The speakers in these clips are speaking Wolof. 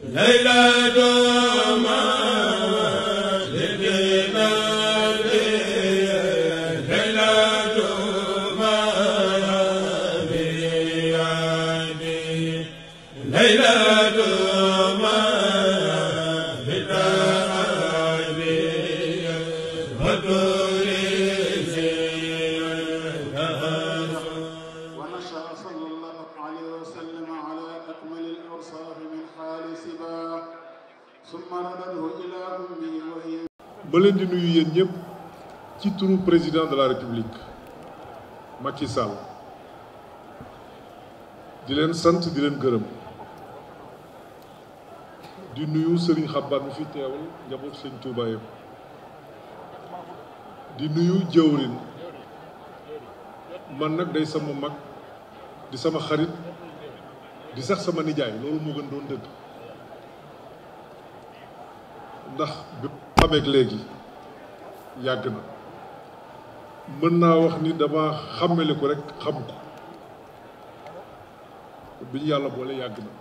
layla dooma ma leen di nuyu yéen ñëpp ci turu président de la république Macky Sall di sant di leen dinu di nuyu Serigne Xabban mi fi teewal njaboot Serigne Touba yëpp di nuyu jëwrin man nag day sama mag di sama xarit di sax sama nijaay loolu moo gën doon ndax xameek léegi yàgg na mën naa wax ni dama xàmmeliku rek xam ko bi ñu yàlla boole yàgg na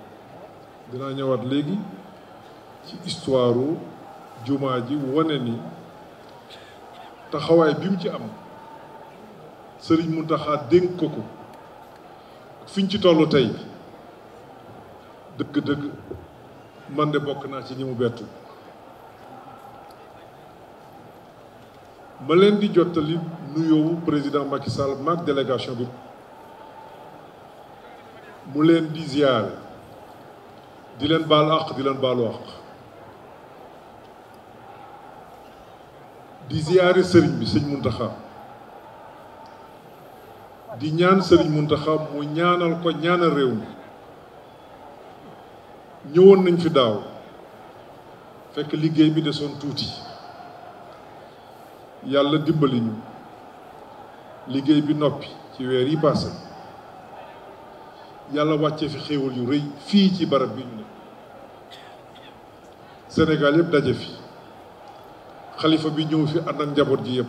dinaa ñëwaat léegi ci histoire u jumaa ji wane ni taxawaay bi mu ci am sëriñ mu Muntaxa dénk ko ko fi ñu ci toll tey dëgg-dëgg man de bokk naa ci ñi mu bettu ma leen di jottali nuyoowu président Macky Sall maag délégation bi mu leen di ziyaare di leen baal àq di leen baalu àq di ziyaare sëriñ bi sëñ Muntaxa di ñaan sëriñ Muntaxa mu ñaanal ko ñaanal réew mi ñëwoon nañ fi daaw fekk liggéey bi desoon tuuti yàlla dimbali ñu liggéey bi noppi ci weer yi passé yàlla wàcce fi xéewal yu rëy fii ci barab bi ñu ne Sénégal yëpp daje fi xalifa bi ñëw fi ànd ak njaboot ji yëpp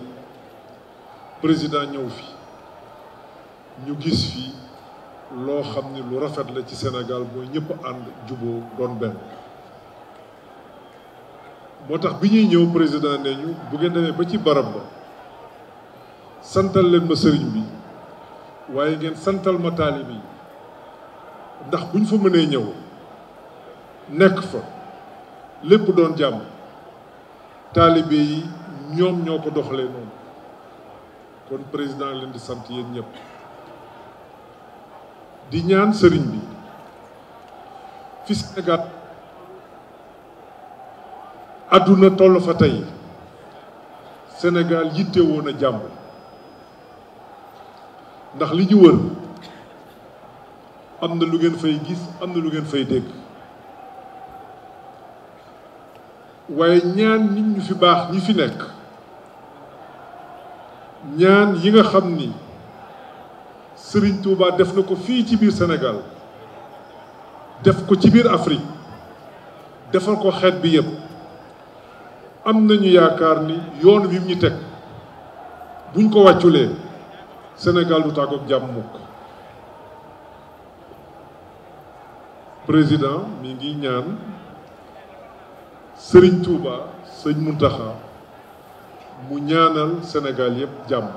président ñëw fi ñu gis fi loo xam ni lu rafet la ci Sénégal mooy ñëpp ànd juboo doon benn moo tax bi ñuy ñëw président ne ñu bu ngeen demee ba ci barab ba santal leen ma sëriñ bi waaye ngeen santal ma taalibe yi ndax bu ñu fa mënee ñëw nekk fa lépp doon jàmm taalibe yi ñoom ñoo ko doxalee noonu kon président leen di sant yéen ñëpp di ñaan sëriñ bi fi àdduna toll fa tey senegal yitte woon a jàmm ndax li ñu am na lu ngeen fay gis am na lu ngeen fay dégg waaye ñaan nit ñu fi baax ñi fi nekk ñaan yi nga xam ni Serigne Touba def na ko fii ci biir senegal def ko ci biir Afrique defal ko xeet bi yépp am nañu yaakaar ni yoon wi ñu teg buñ ko wàcculee Sénégal du tàggoog jàmm mukk président mi ngi ñaan Sëriñ Tuuba sëñ Muntaxa mu ñaanal Sénégal yëpp jàmm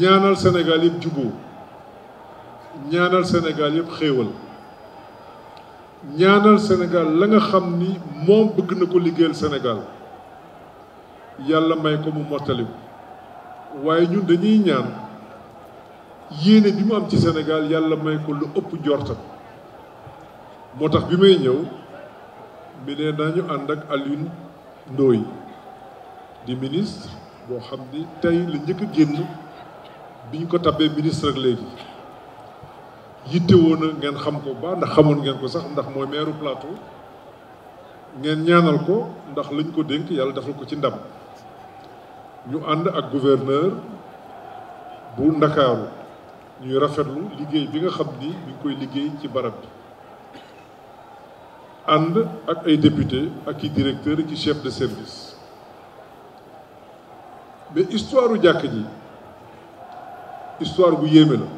ñaanal Sénégal yëpp juboo ñaanal Sénégal yëpp xéewal ñaanal Sénégal la nga xam ni moom bëgg na ko liggéeyal Sénégal yàlla may ko mu mottaliku waaye ñun dañuy ñaan yéene bi mu am ci Sénégal yàlla may ko lu ëpp jortam moo tax bi may ñëw mi ne nañu ànd ak Alioune Ndoye di ministre boo xam ni tey la njëkk a génn bi ñu ko tabee ministre ak léegi yittewoo na ngeen xam ko ba ndax xamoon ngeen ko sax ndax mooy meeru plateau ngeen ñaanal ko ndax lañ ko dénk yàlla defal ko ci ndam ñu ànd ak gouverneur bu ndakaaru ñuy rafetlu liggéey bi nga xam ni ñu ngi koy liggéey ci barab bi ànd ak ay député ak i directeur ci chef de service mais histoire jàkk ji histoire bu yéeme la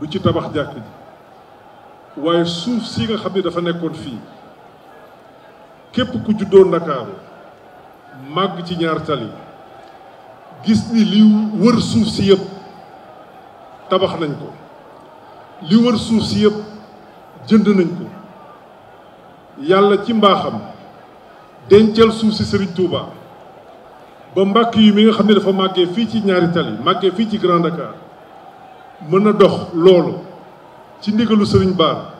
du ci tabax jàkk ji waaye suuf si nga xam ne dafa nekkoon fii képp ku juddoo Ndakaaru màgg ci ñaar tali gis ni li wër suuf si yëpp tabax nañ ko li wër suuf si yëpp jënd nañ ko yàlla ci mbaaxam dencal suuf si Serigne Touba ba mbàkk yi mi nga xam ne dafa màggee fii ci ñaari tali màggee fii ci Grand Dakar mën a dox loolu ci ndigalu sëriñ Baar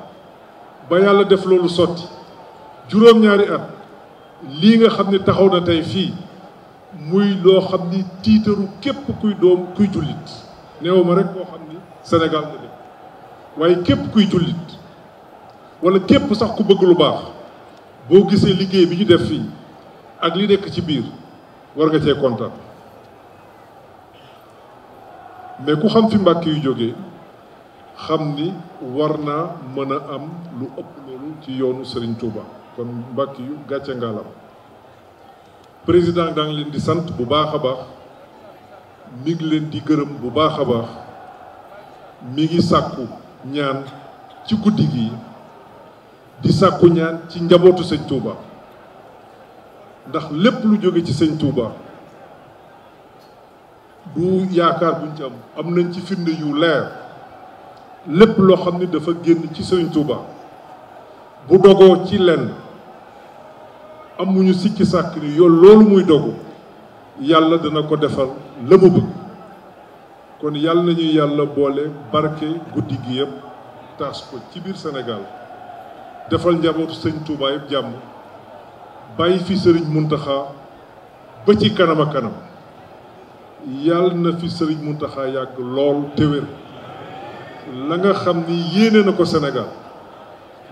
ba yàlla def loolu sotti juróom-ñaari at li nga xam ni taxaw na tey fii muy doo xam ni tiitaru képp kuy doom kuy jullit neew ma koo xam ni Sénégal nga def waaye képp kuy jullit wala képp sax ku bëgg lu baax boo gisee liggéey bi ñu def fii ak li nekk ci biir war nga cee kontam mais ku xam fi mbàkk yu joge xam ni war am lu ëpp loolu ci yoonu Serigne Touba kon mbàkk yu gàcce ngaalam président dang ngi leen di sant bu baax a baax mi ngi leen di gërëm bu baax a baax mi ngi sàkku ñaan ci guddi gi di sàkku ñaan ci njabootu sëñ Touba ndax lépp lu jóge ci sëñ Touba du yaakaar buñ ci am nañ ci firnde yu leer lépp loo xam ni dafa génn ci Sëriñ Tuuba bu dogoo ci lenn amuñu sikki sàkk ni yow loolu muy dogu yàlla dana ko defal la mu bëgg kon yàlla nañu yàlla boole barke guddi gi yëpp taas ko ci biir senegal defal njabootu Sëriñ Tuuba yëpp jàmm bàyyi fi Sëriñ Muntaxa ba ci kanam a kanam yàlla na fi mu taxa yàgg lool te wér la nga xam ni yéene na ko Sénégal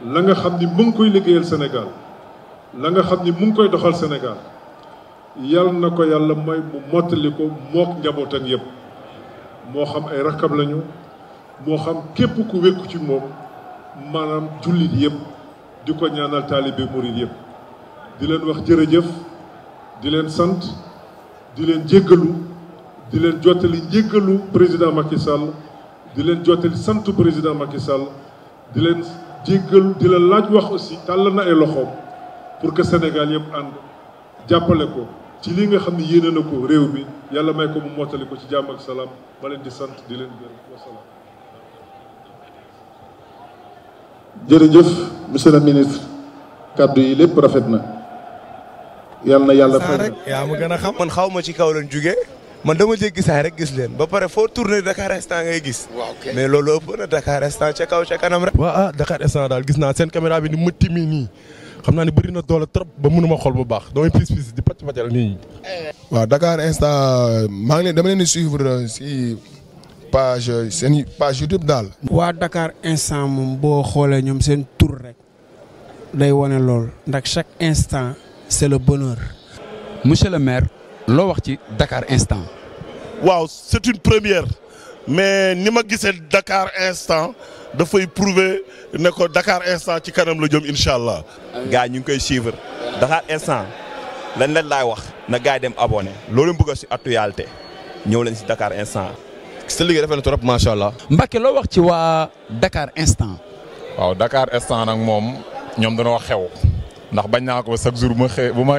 la nga xam ni mu ngi koy liggéeyal Sénégal la nga xam ni mu ngi koy doxal Sénégal yàlla na ko yàlla may mu mottali ko mook njabootam yëpp moo xam ay rakkab lañu moo xam képp ku wékku ci mook maanaam jullit yépp di ko ñaanal taalibe murit yépp di leen wax jërëjëf di leen sant di leen jéggalu di len jottali njéggalu président Macky Sall di len jottali sante président Macky Sall di len jéggalu di la laaj wax aussi talana na ay loxom pour que Sénégal yëpp and jàppale ko ci li nga xamni ne nako na ko réew mi yàlla may ko mu motali ko ci jamm ak salam ma di sante di leen gërëm wasalaam jërëjëf monsieur le ministre kaddu yi lepp rafet na yalla na yàlla fay yaa ma gën xam man xawma ci kaw lañ juggé man dama jéggi saay rek gis leen ba paré fo tourné Dakar instant ngay gis. mais lolo ëpp na Dakar instant ci kaw ca kanam rek. wa ah Dakar instant dal gis na sen caméra bi ni ma mi ni xam naa ne bëri na doole trop ba mënuma xol bu baax damay pis pis di pàcc pàccal nii. waaw Dakar instant maa ngi leen dama leen di suivre si page seen page YouTube daal. waa Dakar instant moom boo xoolee ñoom seen tour rek day wane lool ndax chaque instant c'est le bonheur. monsieur le maire loo wax ci Dakar instant. Wow, c'est une première mais ni ma Dakar instant dafay prouver ne Dakar instant ci kanam la jëm Inshallah. allah. gars ñu ngi koy suivre Dakar instant l'année leen laay wax na gars dem abonné loolu bëgg si actualité ñëw leen Dakar instant. sa le rafet na trop macha allah. Mbacke loo wax ci Dakar instant. Wow, Dakar instant nag mom, ñoom danoo xew ndax bañ naa ko chaque jour bu ma